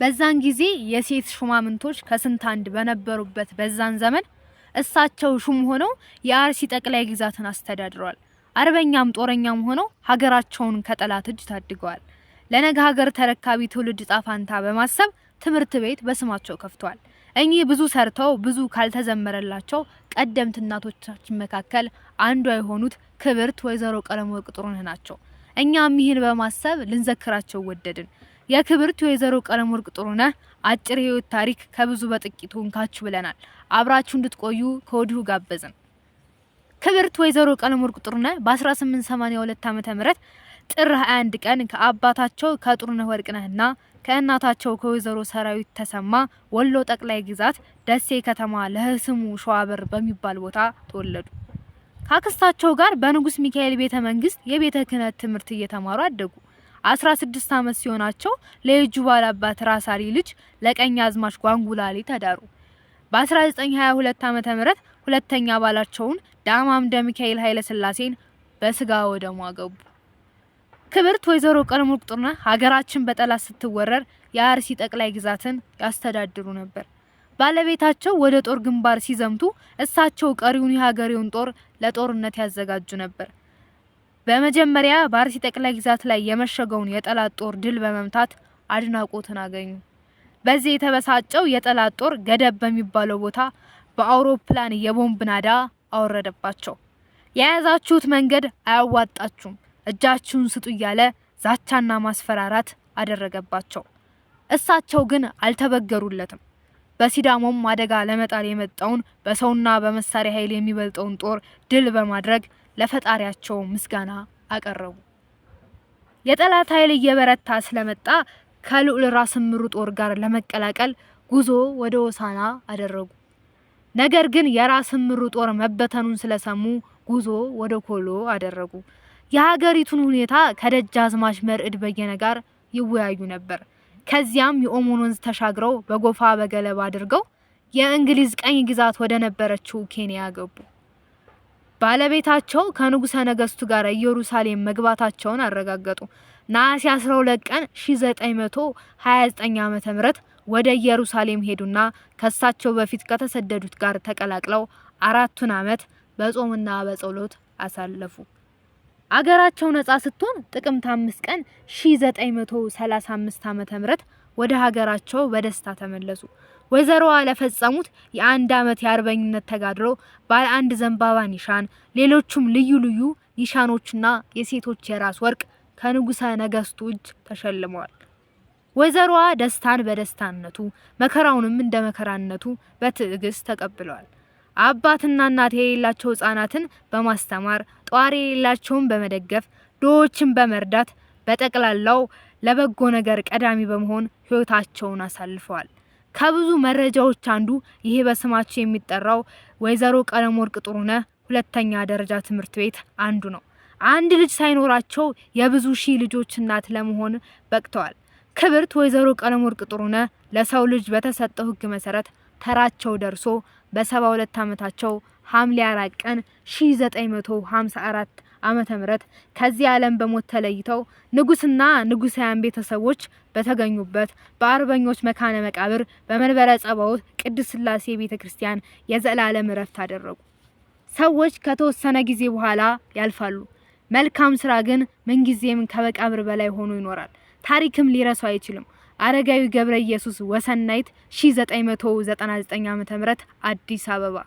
በዛን ጊዜ የሴት ሹማምንቶች ከስንት አንድ በነበሩበት በዛን ዘመን እሳቸው ሹም ሆነው የአርሲ ጠቅላይ ግዛትን አስተዳድረዋል። አርበኛም ጦረኛም ሆነው ሀገራቸውን ከጠላት እጅ ታድገዋል። ለነገ ሀገር ተረካቢ ትውልድ ጣፋንታ በማሰብ ትምህርት ቤት በስማቸው ከፍቷል። እኚህ ብዙ ሰርተው ብዙ ካልተዘመረላቸው ቀደምት እናቶቻችን መካከል አንዷ የሆኑት ክብርት ወይዘሮ ቀለመወርቅ ጥሩነህ ናቸው። እኛም ይህን በማሰብ ልንዘክራቸው ወደድን። የክብርት ወይዘሮ ወርቅ ጥሩነህ አጭር ህይወት ታሪክ ከብዙ በጥቂቱ እንካችሁ ብለናል። አብራችሁ እንድትቆዩ ከወዲሁ ጋበዝን። ክብርት ወይዘሮ ወርቅ ጥሩነህ በ1882 ዓ ም ጥር 21 ቀን ከአባታቸው ከጥሩነህ ወርቅነህና ከእናታቸው ከወይዘሮ ሰራዊት ተሰማ ወሎ ጠቅላይ ግዛት ደሴ ከተማ ለህስሙ ሸዋበር በሚባል ቦታ ተወለዱ። ካክስታቸው ጋር በንጉስ ሚካኤል ቤተ መንግስት የቤተ ክህነት ትምህርት እየተማሩ አደጉ። 16 ዓመት ሲሆናቸው ለየጁ ባላባት ራሳሪ ልጅ ለቀኝ አዝማች ጓንጉላሌ ተዳሩ። በ1922 ዓ.ም ሁለተኛ ባላቸውን ዳማም ደሚካኤል ሚካኤል ኃይለ ሥላሴን በስጋ ወደሙ አገቡ። ክብርት ወይዘሮ ቀለመወርቅ ጥሩነህ ሀገራችን በጠላት ስትወረር የአርሲ ጠቅላይ ግዛትን ያስተዳድሩ ነበር። ባለቤታቸው ወደ ጦር ግንባር ሲዘምቱ እሳቸው ቀሪውን የሀገሬውን ጦር ለጦርነት ያዘጋጁ ነበር። በመጀመሪያ በአርሲ ጠቅላይ ግዛት ላይ የመሸገውን የጠላት ጦር ድል በመምታት አድናቆትን አገኙ። በዚህ የተበሳጨው የጠላት ጦር ገደብ በሚባለው ቦታ በአውሮፕላን የቦምብ ናዳ አወረደባቸው። የያዛችሁት መንገድ አያዋጣችሁም፣ እጃችሁን ስጡ እያለ ዛቻና ማስፈራራት አደረገባቸው። እሳቸው ግን አልተበገሩለትም። በሲዳሞም አደጋ ለመጣል የመጣውን በሰውና በመሳሪያ ኃይል የሚበልጠውን ጦር ድል በማድረግ ለፈጣሪያቸው ምስጋና አቀረቡ። የጠላት ኃይል እየበረታ ስለመጣ ከልዑል ራስ ምሩ ጦር ጋር ለመቀላቀል ጉዞ ወደ ወሳና አደረጉ። ነገር ግን የራስ ምሩ ጦር መበተኑን ስለሰሙ ጉዞ ወደ ኮሎ አደረጉ። የሀገሪቱን ሁኔታ ከደጃዝማች መርዕድ በየነ ጋር ይወያዩ ነበር። ከዚያም የኦሞን ወንዝ ተሻግረው በጎፋ በገለባ አድርገው የእንግሊዝ ቀኝ ግዛት ወደ ነበረችው ኬንያ ገቡ። ባለቤታቸው ከንጉሰ ነገስቱ ጋር ኢየሩሳሌም መግባታቸውን አረጋገጡ። ነሐሴ 12 ቀን 929 ዓመተ ምህረት ወደ ኢየሩሳሌም ሄዱና ከሳቸው በፊት ከተሰደዱት ጋር ተቀላቅለው አራቱን ዓመት በጾምና በጸሎት አሳለፉ። አገራቸው ነጻ ስትሆን ጥቅምት 5 ቀን 935 ዓመተ ምህረት ወደ ሀገራቸው በደስታ ተመለሱ። ወይዘሮዋ ለፈጸሙት የአንድ ዓመት የአርበኝነት ተጋድሎ ባለ አንድ ዘንባባ ኒሻን፣ ሌሎቹም ልዩ ልዩ ኒሻኖችና የሴቶች የራስ ወርቅ ከንጉሠ ነገሥቱ እጅ ተሸልመዋል። ወይዘሮዋ ደስታን በደስታነቱ መከራውንም እንደ መከራነቱ በትዕግስት ተቀብለዋል። አባትና እናት የሌላቸው ሕጻናትን በማስተማር ጧሪ የሌላቸውን በመደገፍ ድሆችን በመርዳት በጠቅላላው ለበጎ ነገር ቀዳሚ በመሆን ሕይወታቸውን አሳልፈዋል። ከብዙ መረጃዎች አንዱ ይህ በስማቸው የሚጠራው ወይዘሮ ቀለም ወርቅ ጥሩነ ሁለተኛ ደረጃ ትምህርት ቤት አንዱ ነው። አንድ ልጅ ሳይኖራቸው የብዙ ሺህ ልጆች እናት ለመሆን በቅተዋል። ክብርት ወይዘሮ ቀለም ወርቅ ጥሩነ ለሰው ልጅ በተሰጠው ሕግ መሰረት ተራቸው ደርሶ በ72 ዓመታቸው ሐምሌ 4 ቀን 1954 ከዚህ ዓለም በሞት ተለይተው ንጉስና ንጉሳውያን ቤተሰቦች በተገኙበት በአርበኞች መካነ መቃብር በመንበረ ጸባዖት ቅድስት ስላሴ ቤተክርስቲያን የዘላለም እረፍት አደረጉ። ሰዎች ከተወሰነ ጊዜ በኋላ ያልፋሉ። መልካም ስራ ግን ምንጊዜም ከመቃብር በላይ ሆኖ ይኖራል። ታሪክም ሊረሳው አይችልም። አረጋዊ ገብረ ኢየሱስ ወሰናይት 1999 ዓ.ም አዲስ አበባ